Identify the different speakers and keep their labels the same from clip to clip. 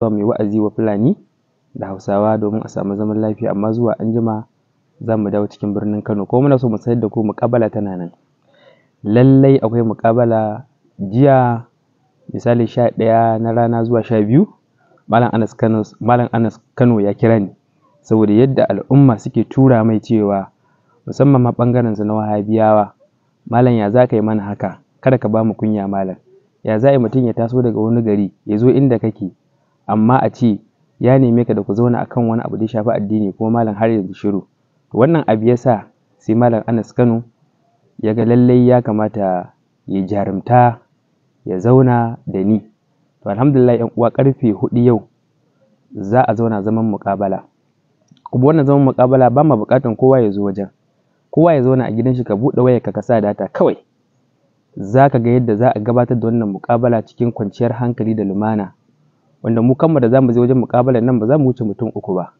Speaker 1: zuwa mai wa'azi wa Fulani da Hausawa domin a samu zaman lafiya amma zuwa anjima za mu dawo cikin birnin Kano ko muna so mu sayar da ku muƙabala tana nan lallai akwai muƙabala jiya misali, sha ɗaya na rana zuwa sha biyu Malam Anas Kano ya kira ni saboda yadda al'umma suke tura mai cewa musamman ma ɓangaren su na Wahabiyawa malam ya za ka yi mana haka kada ka ba mu kunya malam ya za a yi mutum ya taso daga wani gari ya zo inda kake amma a ce ya neme ka da ku zauna akan wani abu da ya shafi addini kuma malam har yanzu shiru wannan abu ya sa sai malam Anas Kano ya ga lallai ya kamata ya jarumta ya zauna da ni to alhamdulillah yan uwa karfe hudu yau za a zauna zaman muƙabala kuma wannan zaman muƙabala ba ma buƙatan kowa ya zo wajen kowa ya zauna a gidan shi ka buɗe wayar ka sa data kawai za ka ga yadda za a gabatar da wannan muƙabala cikin kwanciyar hankali da lumana wanda mu kanmu da zamu je wajen muƙabalar nan ba za mu wuce mutum uku ba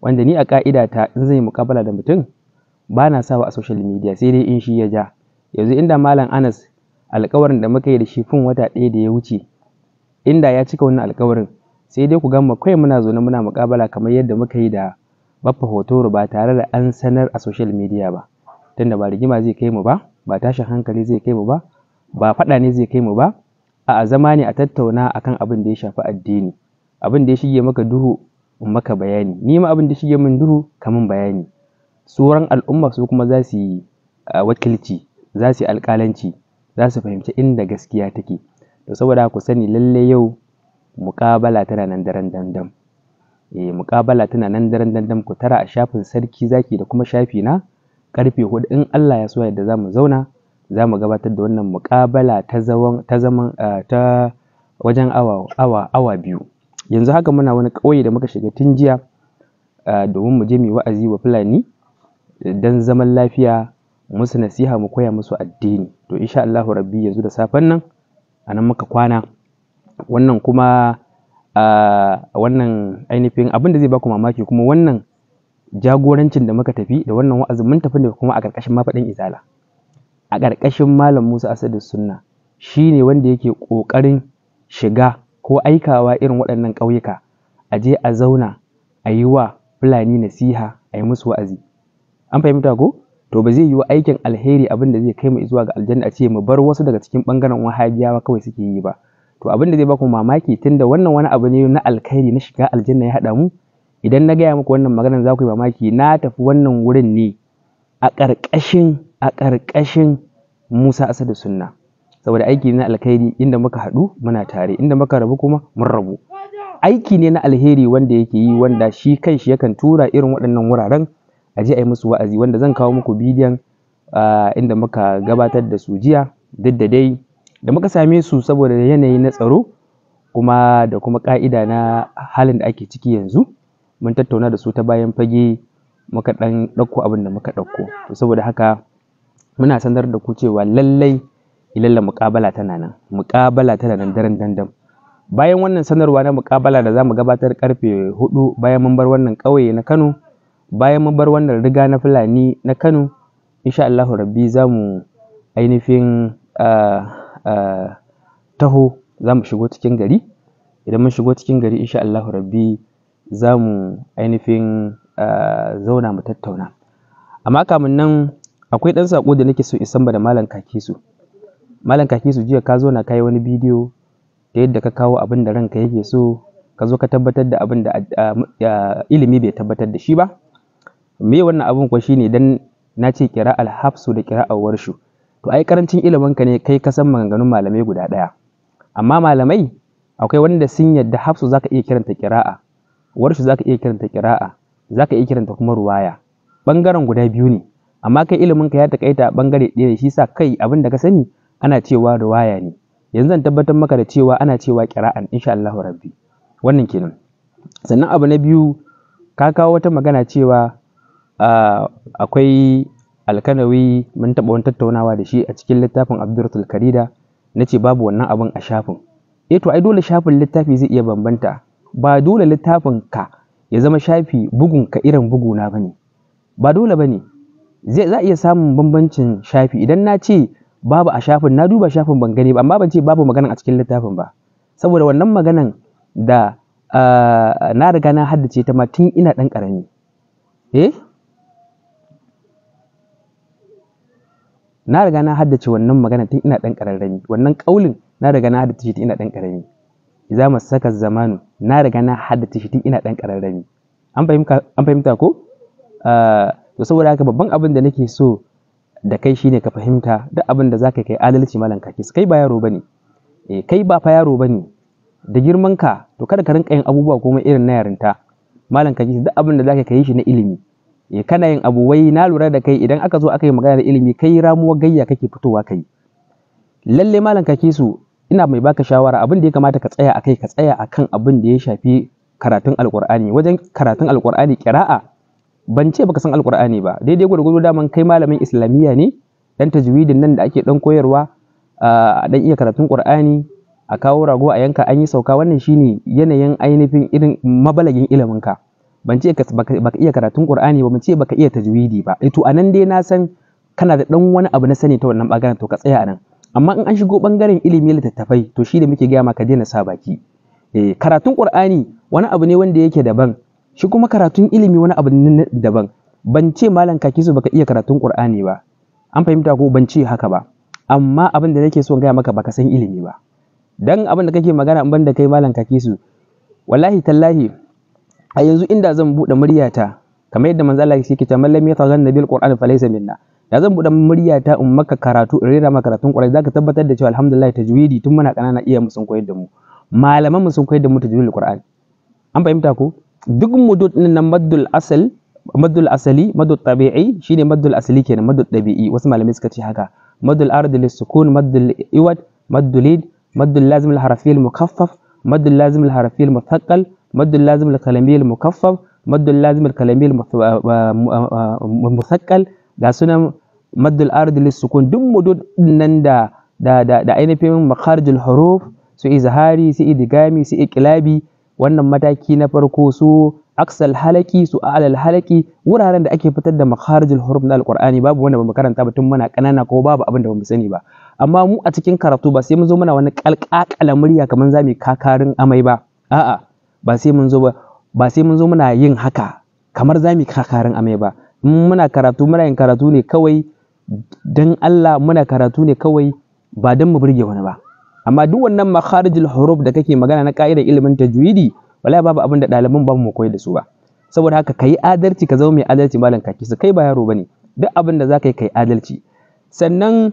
Speaker 1: wanda ni a ƙa'ida ta in zan yi muƙabala da mutum ba na sawa a social media sai dai in shi ya ja yanzu inda malam Anas alƙawarin da muka yi da shi fin wata ɗaya da ya wuce inda ya cika wannan alƙawarin sai dai ku gama kai muna zaune muna muƙabala kamar yadda muka yi da baffa hotoro ba tare da an sanar a social media ba tunda ba rigima zai kai mu ba ba tashin hankali zai kai mu ba ba faɗa ne zai kai mu ba a'a zama ne a tattauna akan abin da ya shafi addini abin da ya shige maka duhu in maka bayani ni ma abin da ya shige min duhu ka min bayani sauran al'umma su kuma za su yi wakilci za su yi alƙalanci za su fahimci inda gaskiya take to saboda ku sani lalle yau muƙabala tana nan daren dandam eh muƙabala tana nan daren dandam ku tara a shafin sarki zaki da kuma shafi na ƙarfe hudu in Allah ya so yadda za mu zauna za mu gabatar da wannan muƙabala ta zaman ta wajen awa biyu yanzu haka muna wani ƙauye da muka shiga tun jiya domin mu je mu wa'azi wa fulani don zaman lafiya musu nasiha mu koya musu addini to insha Allahu rabbi yanzu da safen nan a nan muka kwana wannan kuma wannan ainihin abin da zai baku mamaki kuma wannan jagorancin da muka tafi da wannan wa'azin mun tafi ne kuma a ƙarƙashin mafaɗin izala a ƙarƙashin Malam Musa Asadu Sunna shi ne wanda yake ƙoƙarin shiga ko aikawa irin waɗannan ƙauyuka a je a zauna a yi wa Fulani nasiha a yi musu wa'azi. An fahimta ko? To ba zai yi wa aikin alheri abin da zai kai mu zuwa ga aljanna a ce mu bar wasu daga cikin ɓangaren wahabiyawa kawai suke yi ba. To abin da zai baku mamaki tunda wannan wani abu ne na alkhairi na shiga aljanna ya haɗa mu idan na gaya muku wannan maganar za ku yi mamaki na tafi wannan wurin ne a ƙarƙashin a ƙarƙashin Musa Asadu Sunna saboda aiki na alkhairi inda muka haɗu muna tare inda muka rabu kuma mun rabu aiki ne na alheri wanda yake yi wanda shi shi yakan tura irin waɗannan wuraren a je a yi musu wa'azi wanda zan kawo muku bidiyon inda muka gabatar da su jiya duk da dai da muka same su saboda yanayi na tsaro kuma da kuma ƙa'ida na halin da ake ciki yanzu mun tattauna da su ta bayan fage muka ɗan ɗauko abin da muka ɗauko to saboda haka muna sanar da ku cewa lallai ilalla muƙabala tana nan muƙabala tana nan daren dandam bayan wannan sanarwa na muƙabala da za mu gabatar karfe hudu bayan mun bar wannan ƙauye na kano bayan mun bar wannan riga na fulani na kano insha allahu rabbi za mu ainihin taho za mu shigo cikin gari idan mun shigo cikin gari insha allahu rabbi za mu ainihin zauna mu tattauna amma kamun nan akwai ɗan saƙo da nake so in san da malam kakisu malam kakisu jiya ka zo na kai wani bidiyo ta yadda ka kawo abin da ranka yake so ka zo ka tabbatar da abin da ilimi bai tabbatar da shi ba me wannan abin kuwa shine dan na ce kira alhafsu da kira warshu to ai karancin ilimin ka ne kai ka san maganganun malamai guda ɗaya amma malamai akwai wanda sun yadda hafsu zaka iya kiranta kira'a warshu zaka iya kiranta kira'a zaka iya kiranta kuma ruwaya bangaren guda biyu ne amma kai ilimin ka ya takaita a bangare ɗaya shi sa kai abin da ka sani ana cewa riwaya ne yanzu zan tabbatar maka da cewa ana cewa kira'an insha Allah rabbi wannan kenan sannan abu na biyu ka kawo wata magana cewa akwai alkanawi mun taɓa wani tattaunawa da shi a cikin littafin abdurratul karida na ce babu wannan abin a shafin eh to ai dole shafin littafi zai iya bambanta ba dole littafin ka ya zama shafi bugun ka irin buguna bane ba dole bane za a iya samun bambancin shafi idan na ce babu a shafin na duba shafin ban gani ba amma ban ce babu maganan a cikin littafin ba saboda wannan maganan da na riga na haddace ta ma tun ina ɗan ƙarami eh na riga na haddace wannan magana tun ina ɗan ƙararrami wannan ƙaulin na riga na haddace tun ina ɗan Za mu saka zamanu na riga na haddace tun ina ɗan ƙararrami an fahimta ko to saboda haka babban abin da nake so da kai shine ka fahimta duk abin da zaka kai adalci malam kake kai ba yaro bane eh kai ba fa yaro bane da girman ka to kada ka rinka yin abubuwa kuma irin na yarinta malam kake duk abin da zaka kai shi na ilimi eh kana yin abu wai na lura da kai idan aka zo aka yi magana da ilimi kai ramuwa gayya kake fitowa kai lalle malam kake su ina mai baka shawara abin da ya kamata ka tsaya akai ka tsaya akan abin da ya shafi karatun alqur'ani wajen karatun alqur'ani qira'a ban ce baka san alkur'ani ba daidai gwargwado daman kai malamin islamiyya ne dan tajwidin nan da ake dan koyarwa ah, a dan iya karatun qur'ani a kawo rago a yanka an yi sauka wannan shine yanayin ainihin irin mabalagin ilimin ka ban ce baka iya karatun qur'ani ba ban ce baka iya tajwidi ba eh to anan dai na san kana da dan wani abu na sani ta wannan bangaren to ka tsaya anan amma in an shigo bangaren ilimi littattafai to shi da muke gaya maka daina sa baki eh karatun qur'ani wani abu ne wanda yake daban shi kuma karatun ilimi wani abu ne daban ban ce malam kaki su baka iya karatun qur'ani ba an fahimta ko ban ce haka ba amma abin da nake so gaya maka baka san ilimi ba dan abin da kake magana in banda kai malam kaki su wallahi tallahi a yanzu inda zan bude muryata kamar yadda manzo Allah yake cewa mallam ya tagan nabil qur'an laysa minna da zan bude muryata in maka karatu in rera maka karatun qur'ani zaka tabbatar da cewa alhamdulillah tajwidi tun muna kanana iya musun koyar da mu malaman musun sun koyar da mu tajwidul qur'ani an fahimta ko duk mudud din nan maddul asal maddul asali maddul tabi'i shine maddul asali kenan maddul tabi'i wasu malamai suka ce haka maddul ard lis sukun maddul iwad maddul lid maddul lazim al harafi al mukaffaf maddul lazim al harafi al muthaqqal maddul lazim al kalami al mukaffaf maddul lazim al kalami al uh, uh, uh, ga sunan maddul ard lis duk mudud nan da da da ainihin makharijul huruf su izhari su idgami su iqlabi wannan mataki na farko su aksal halaki su alal halaki wuraren da ake fitar da makharijul huruf na alqur'ani babu wanda bamu karanta ba tun muna kanana ko babu abin da bamu sani ba amma mu a cikin karatu ba sai mun zo muna wani kalkakala murya kaman zamu kakarin amai ba a'a ba sai mun zo ba ba sai mun zo muna yin haka kamar zamu kakarin amai ba in muna karatu muna yin karatu ne kawai dan Allah muna karatu ne kawai ba dan mu burge wani ba amma duk wannan makharijul huruf da kake magana na ka'idar ilimin tajwidi wallahi babu abin da ɗaliban ba mu koyi da su ba saboda haka kai adalci ka zama mai adalci malam kaki su kai ba yaro bane duk abin da zaka yi kai adalci sannan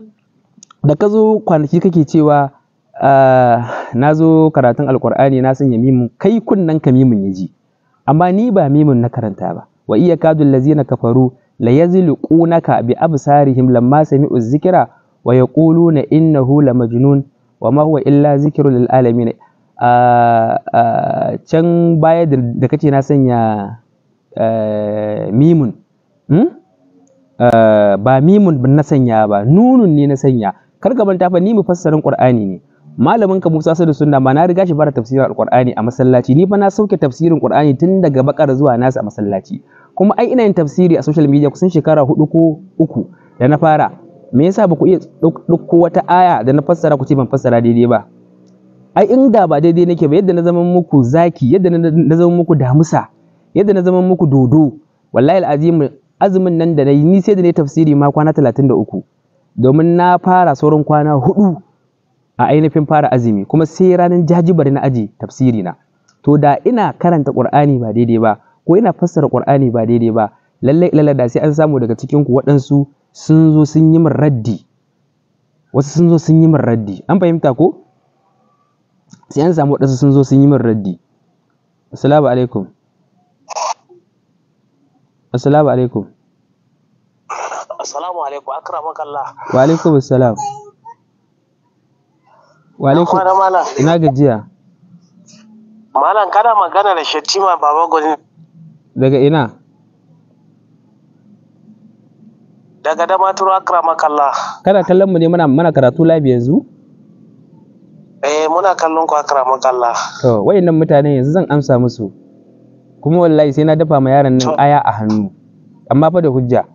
Speaker 1: da ka zo kwanaki kake cewa ah, na zo karatun alkur'ani na sanya mimin kai kunnen ka mimun ya ji amma ni ba mimun na karanta ba wa iya kadul lazina kafaru la qunaka bi absarihim lamma sami'u zikra wa yaquluna innahu lamajnun wa ma huwa illa zikru lil alamin can baya da kace na sanya e, mimun hmm? e, ba mimun na sanya ba nunun ne na sanya kar ka manta fa ni mu fassarin qur'ani ne malamin ka Musa da Sunna ma na riga shi fara tafsirin alqur'ani a masallaci ni fa na sauke tafsirin Qur'ani tun daga bakar zuwa nasa a masallaci kuma ai ina yin tafsiri a social media kusan shekara hudu ko uku da na fara me yasa ba ku iya ɗauko wata aya da na fassara ku ce ban fassara daidai ba ai in da ba daidai nake ba yadda na zama muku zaki yadda na zama muku damusa yadda na zama muku dodo wallahi al'azim azumin nan da nayi ni sai da na tafsiri ma kwana 33 domin na fara sauran kwana hudu a ainihin fara azumi kuma sai ranar jajibar na aji tafsiri na to da ina karanta qur'ani ba daidai ba ko ina fassara qur'ani ba daidai ba lallai lalle da sai an samu daga cikin ku waɗansu sun zo sun yi min raddi wasu sun zo sun yi min raddi an fahimta ko sai an samu waɗansu sun zo sun yi min raddi assalamu alaikum assalamu alaikum assalamu alaikum akramaka Allah wa alaikum assalam wa alaikum ina gajiya malam kana magana da Shatima Baba Gwani daga ina Daga Damaturu Akramakallah. Kana kallon mu ne muna mana karatu live yanzu? Eh muna kallon ku Akramakallah. To wayannan mutane yanzu zan amsa musu. Kuma wallahi sai na dafa ma yaran nan aya a hannu. Amma fa da hujja.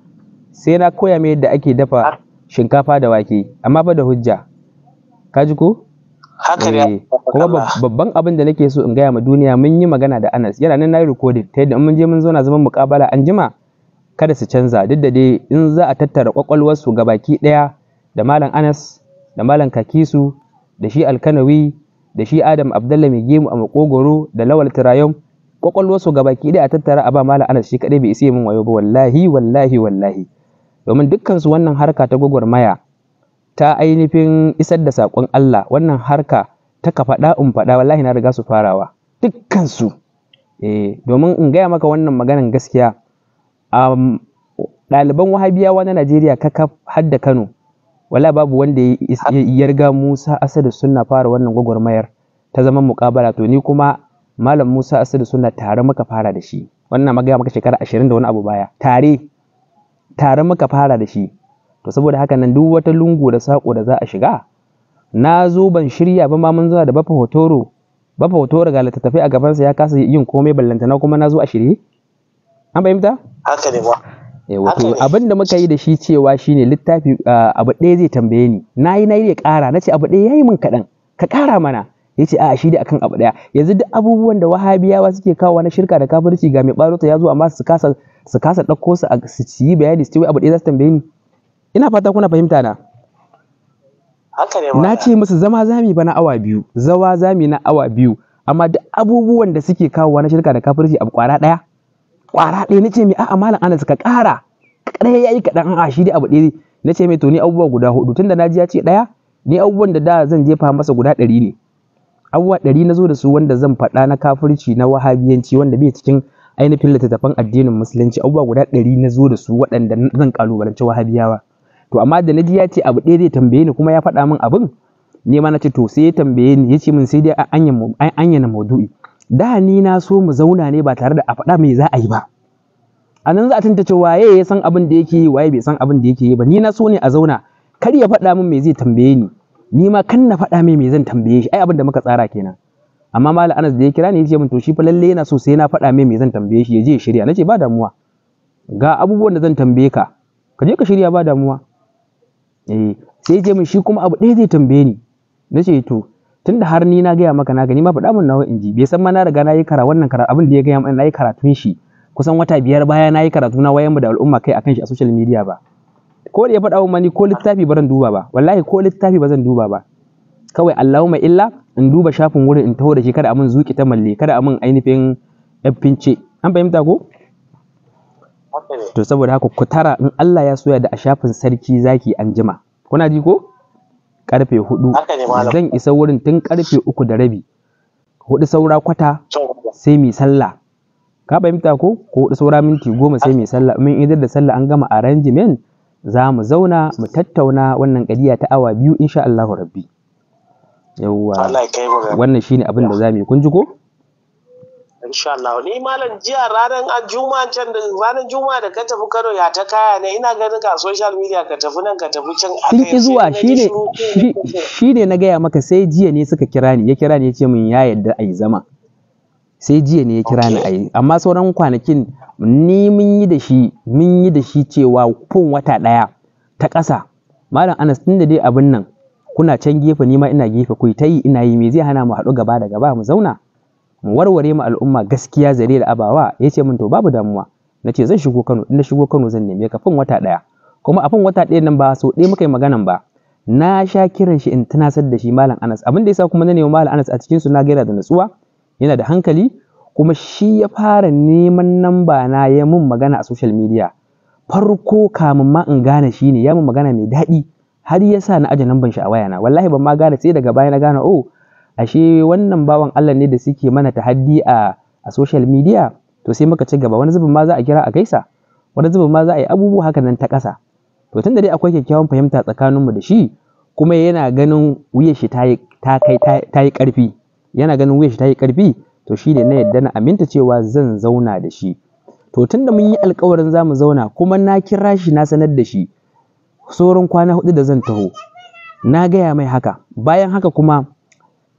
Speaker 1: Sai na koya mai yadda ake dafa shinkafa da wake, amma fa da hujja. Ka ji ko? Haka ne. Eh, kuma babban abin da nake so in gaya ma duniya mun yi magana da Anas. Yana nan na yi recording ta yadda mun je mun zo na zaman muƙabala an jima. kada su canza duk da dai in za a tattara kwakwalwarsu ga baki ɗaya da malam anas da malam kakisu da shi alkanawi da shi adam abdalla mai gemu a makogoro da lawal tirayon kwakwalwarsu ga baki ɗaya a tattara a ba malam anas shi kaɗai bai isa min wayo ba wallahi wallahi wallahi domin dukkansu wannan harka ta gwagwarmaya ta ainihin isar da saƙon Allah wannan harka ta ka faɗa in faɗa wallahi na riga su farawa dukkansu eh domin in gaya maka wannan maganan gaskiya ɗaliban wahabiyawa na najeriya kakaf har da kano wala babu wanda ya yarga musa asadu sunna fara wannan gwagwarmayar ta zaman muƙabara, to ni kuma malam musa asadu sunna tare muka fara da shi wannan magana maka shekara ashirin da wani abu baya tare tare muka fara da shi to saboda haka nan duk wata lungu da sako da za a shiga na zo ban shirya ba ma mun zuwa da bafa hotoro bafa hotoro ga littattafai a gabansa ya kasa yin komai ballantana kuma na zo a shirye an fahimta haka ne ba wato abin da muka yi da shi cewa shine littafi abu ɗaya zai tambaye ni na yi na yi ya ƙara na ce abu ɗaya ya yi min kaɗan ka ƙara mana ya ce a shi da akan abu ɗaya yanzu duk abubuwan da wahabiyawa suke kawo na shirka da kafirci ga mai ɓarota ya zo amma su kasa su kasa ɗauko su su yi bayani su ce abu ɗaya za su tambaye ni ina fata kuna fahimta na na ce musu zama zami ba na awa biyu zawa zami na awa biyu amma duk abubuwan da suke kawo na shirka da kafirci abu ƙwara ɗaya Kwara ɗaya nace mai a'a malam Anas ka ƙara ya yi kaɗan a shi dai abu ɗaya nace mai to ni abubuwa guda hudu tunda ji ya ce ɗaya ni abubuwan da da zan jefa masa guda ɗari ne abubuwa ɗari na zo da su wanda zan faɗa na kafirci na wahabiyanci wanda bai cikin ainihin littattafan addinin musulunci abubuwa guda ɗari na zo da su waɗanda zan kalubalanci wahabiyawa to amma da na ji ya ce abu ɗaya zai tambaye ni kuma ya faɗa min abin ne na ce to sai ya tambaye ni ya ce min sai dai an yana maudu'i da ni na so mu zauna ne ba tare da a faɗa me za a yi ba a nan za a tantance waye ya san abin da yake yi waye bai san abin da yake yi ba ni na so ne a zauna kar ya faɗa min me zai tambaye ni ni ma kan na faɗa mai me zan tambaye shi ai abin da muka tsara kenan amma malam Anas da ya kira ni ya ce min to shi fa lalle yana so sai na faɗa mai me zan tambaye shi ya je ya shirya nace ba damuwa ga abubuwan da zan tambaye ka ka je ka shirya ba damuwa eh sai ya ce min shi kuma abu ɗaya zai tambaye ni nace to Tun da har ni na gaya maka na gani ma faɗa min nawa in bai san ma na riga na yi kara wannan kara abin da ya gaya min na yi karatun shi kusan wata biyar baya na yi karatu na wayan mu da al'umma kai akan shi a social media ba ko da ya faɗa min ni ko littafi ba zan duba ba wallahi ko littafi ba zan duba ba kawai Allahumma illa in duba shafin wurin in taho da shi kada amin zuki ta malle kada amin ainihin fince an fahimta ko to saboda haka ku tara in Allah ya soya da a shafin sarki zaki anjima kuna ji ko karfe hudu zan isa wurin tun karfe uku da rabi hudu saura kwata sai mai sallah ka fahimta ko ko hudu saura minti goma sai mai sallah min idar da sallah an gama arrangement za mu zauna mu tattauna wannan kadiya ta awa biyu insha Allahu rabbi yawwa wannan ne abin da za mu yi kun ji ko insha Allah ni malam jiya ranar juma'a can da ranar juma'a da ka tafi Kano ya ta kaya ne ina ganin ka social media ka tafi nan ka tafi can sun zuwa shine shine na gaya maka sai jiya ne suka kira ni ya kira ni ya ce min ya yarda ayi zama sai jiya ne ya kira ni ayi. amma sauran kwanakin ni mun yi da shi mun yi da shi cewa kun wata ɗaya ta ƙasa malam Anas tun dai abin nan kuna can gefe ni ma ina gefe ku ta yi ina yi me zai hana mu haɗu gaba da gaba mu zauna mu warware ma al'umma gaskiya zare da abawa ya ce min to babu damuwa na zan shigo kano in na shigo kano zan neme ka fin wata ɗaya kuma a fin wata ɗaya nan ba so ɗaya muka yi maganan ba na sha kiran shi in tunasar da shi malam anas abin da yasa kuma na nemi malam anas a cikin su na gaira da natsuwa yana da hankali kuma shi ya fara neman namba na ya mun magana a social media farko kamun ma in gane shi ne ya mun magana mai daɗi har ya sa na aje namban shi a wayana wallahi ban ma gane sai daga baya na gane oh ashe wannan bawan Allah ne da suke mana tahaddi a a social media to sai muka ci gaba wani zubin ma za a kira a gaisa wani zubin ma za a yi abubuwa haka nan ta ƙasa to tunda dai akwai kyakkyawan fahimta tsakaninmu da shi kuma yana ganin wuyar shi ta kai ta yi ƙarfi yana ganin wuyar shi ta yi ƙarfi to shine na yadda na aminta cewa zan zauna da shi to tunda mun yi alƙawarin za mu zauna kuma na kira shi na sanar da shi sauran kwana hudu da zan taho na gaya mai haka bayan haka kuma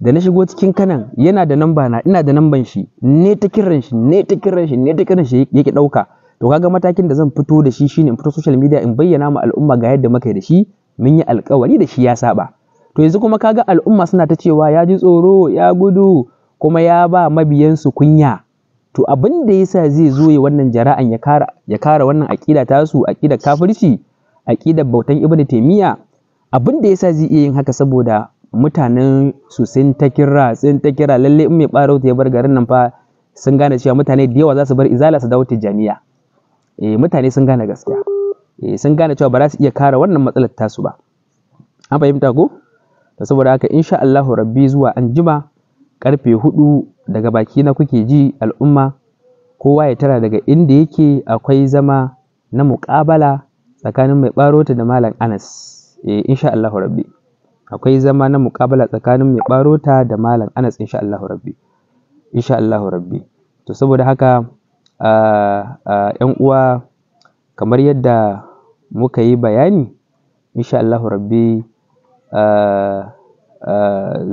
Speaker 1: da na shigo cikin kanan yana da namba na ina da namban shi ne ta kiran shi ne ta kiran shi ne ta kiran shi yake dauka to kaga matakin da zan fito da shi shine in fito social media in bayyana ma al'umma ga yadda muka da shi mun yi alkawari da shi ya saba to yanzu kuma kaga al'umma suna ta cewa ya ji tsoro ya gudu kuma ya ba mabiyan su kunya to abin da yasa zai zo ya wannan jara'an ya kara ya kara wannan aqida tasu aqida kafirci aqidar bautan ibnu taymiya abin da yasa zai iya yin haka saboda mutanen su sun ta kira sun ta kira lalle in mai ɓarauta ya bar garin nan fa sun gane cewa mutane da yawa za su bar izala su dawo tijaniya eh mutane sun gane gaskiya eh sun gane cewa ba za su iya kare wannan matsalar tasu ba an fahimta ko to saboda haka insha Allah rabbi zuwa anjima karfe hudu daga baki na kuke ji al'umma kowa ya tara daga inda yake akwai zama na muƙabala tsakanin mai ɓarota da malam Anas eh insha Allah rabbi akwai zama na muƙabala tsakanin mai ɓarota da malam anas insha Allahu rabbi insha Allahu rabbi to saboda haka yan uwa kamar yadda muka yi bayani insha Allahu rabbi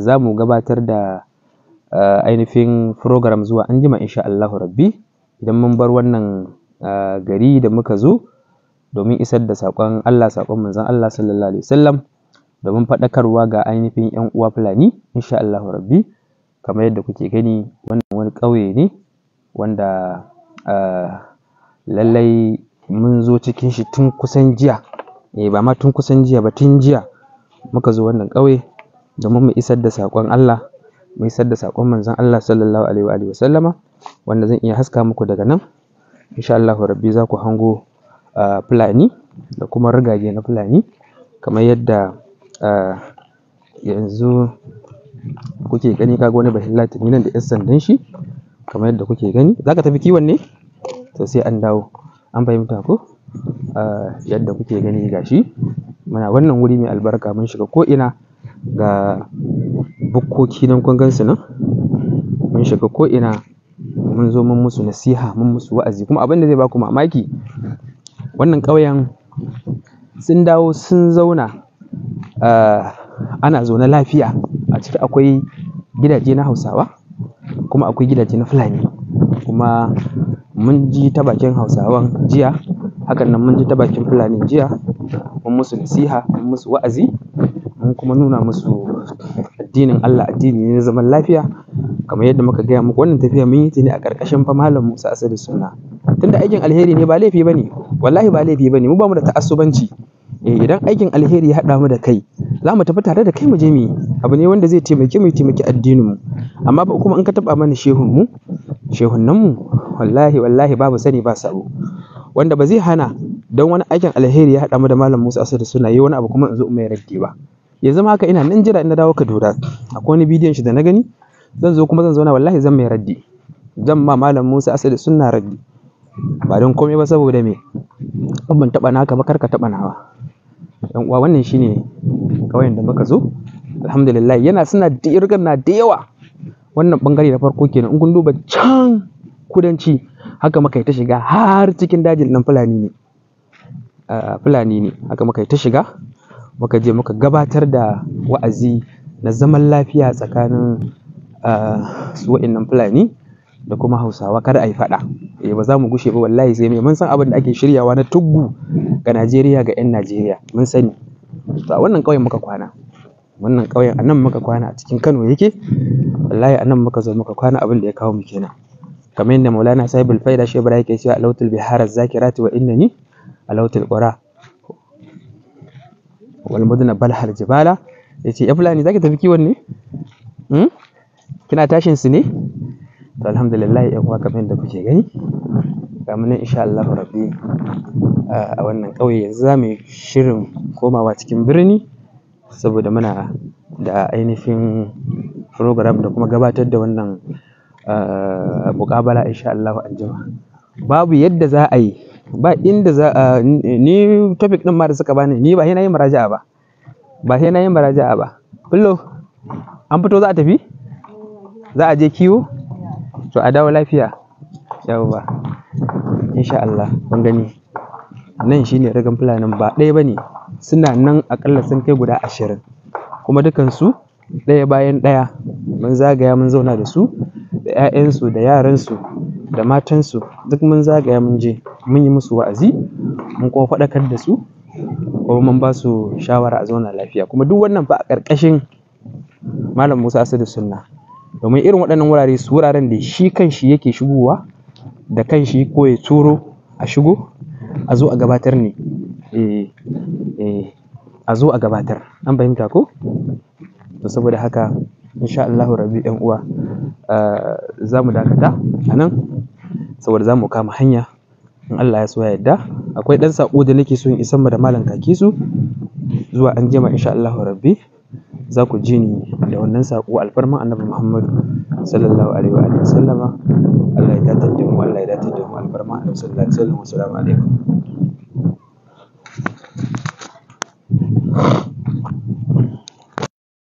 Speaker 1: za mu gabatar da ainihin program zuwa anjima insha Allahu rabbi idan mun bar wannan gari da muka zo domin isar da saƙon Allah saƙon manzon Allah sallallahu alaihi wasallam domin faɗakarwa ga ainihin 'yan uwa Fulani insha Allah rabbi kamar yadda kuke gani wannan wani ƙauye ne wanda ah, lallai mun zo cikin shi tun kusan jiya E, ba ma tun kusan jiya ba tun jiya muka zo wannan ƙauye domin mu isar da saƙon Allah mu isar da saƙon manzon Allah sallallahu alaihi wa sallama wanda zan iya haska muku daga nan insha Allah rabbi za ku hango ah, Fulani da kuma rigage na Fulani kamar yadda yanzu kuke gani kaga wani bafulatani nan da ƴar sandan shi kamar yadda kuke gani zaka tafi kiwon ne to sai an dawo an fahimta ko yadda kuke gani ga shi. muna wannan wuri mai albarka mun shiga ko'ina ga bukkoki nan kun gansu nan mun shiga ko'ina mun zo mun musu nasiha mun musu wa'azi kuma abin da zai baku mamaki wannan ƙauyen sun dawo sun zauna Eh, ana zaune lafiya a ciki akwai gidaje na hausawa kuma akwai gidaje na fulani kuma mun ji ta bakin hausawan jiya hakan nan mun ji ta bakin fulani jiya mun musu nasiha mun musu wa'azi mun kuma nuna musu addinin Allah addini ne na zaman lafiya kamar yadda muka gaya muku wannan tafiya mun yi ta ne a ƙarƙashin fa malam Musa Asadu Sunna tunda aikin alheri ne ba laifi bane wallahi ba laifi bane mu ba mu da ta'assubanci Eh, idan aikin alheri ya haɗa mu da kai za mu tafi tare da kai mu je mu abu ne wanda zai taimake mu taimaki addinin mu amma ba kuma in ka taɓa mana shehun mu nan mu wallahi wallahi babu sani ba sabo wanda ba zai hana don wani aikin alheri ya haɗa mu da malam Musa Asad suna yi wani abu kuma in zo mai raddi ba ya zama haka ina nan jira ina dawo ka dora akwai wani bidiyon shi da na gani zan zo kuma zan zauna wallahi zan mai raddi zan ma malam Musa Asad suna raddi ba don komai ba saboda me ban taɓa naka ba kar ka taɓa nawa yan uwa wannan shine kawai da muka zo alhamdulillah yana suna da na da yawa wannan bangare na farko kenan in kun duba can kudanci haka muka yi ta shiga har cikin dajin nan fulani ne ah, fulani ne haka muka yi ta shiga muka je muka gabatar da wa'azi na zaman lafiya tsakanin ah, su nan fulani da kuma hausawa kada a yi faɗa eh ba za mu gushe ba wallahi sai mai mun san abin da ake shiryawa na tuggu ga najeriya ga 'yan najeriya mun sani to a wannan ƙauyen muka kwana wannan ƙauyen a nan muka kwana a cikin kano yake wallahi a nan muka zo muka kwana abin da ya kawo mu kenan kamar yadda maulana sahibul faida shi ibrahim ke cewa alautul bihara zakirati wa innani alautul qura wal mudna bal har jibala yace ya fulani zaki tafi kiwon ne hmm? kina tashin su ne to alhamdulillah yan uwa kamar yadda kuke gani ga mun insha Allah rabbi a wannan ƙauye yanzu za mu yi shirin komawa cikin birni saboda muna da ainihin program da kuma gabatar da wannan mukabala insha Allah anjima babu yadda za a yi ba inda za a ni topic din ma da suka bani ni ba sai na yi muraja'a ba ba sai na yi muraja'a ba billo an fito za a tafi za a je kiwo to a dawo lafiya yawwa insha Allah kun gani nan shine ragan fulanin ba ɗaya bane suna nan akalla sun kai guda ashirin kuma dukansu ɗaya bayan ɗaya mun zagaya mun zauna da su da 'ya'yansu da yaransu da matansu duk mun zagaya mun je mun yi musu wa'azi mun kuma faɗakar da su kuma mun ba su shawara a zauna lafiya kuma duk wannan ba a ƙarƙashin malam musa asadu sunna domin irin waɗannan wurare su wuraren da shi kanshi yake shigowa da kanshi ko ya turo a shigo a zo a gabatar ne eh, eh, a zo a gabatar an fahimta ko to saboda haka insha Allahu rabbi ɗan uwa eh, za mu dakata a nan saboda za mu kama hanya in Allah ya so ya yarda akwai ɗan saƙo da nake so in isan da malam kake su zuwa an jima insha Allahu rabbi za ku ji ni da wannan saƙo alfarma annabi Muhammadu sallallahu alaihi wa sallama Allah ya datar da mu Allah ya datar da mu alfarma annabi sallallahu alaihi wa sallam alaikum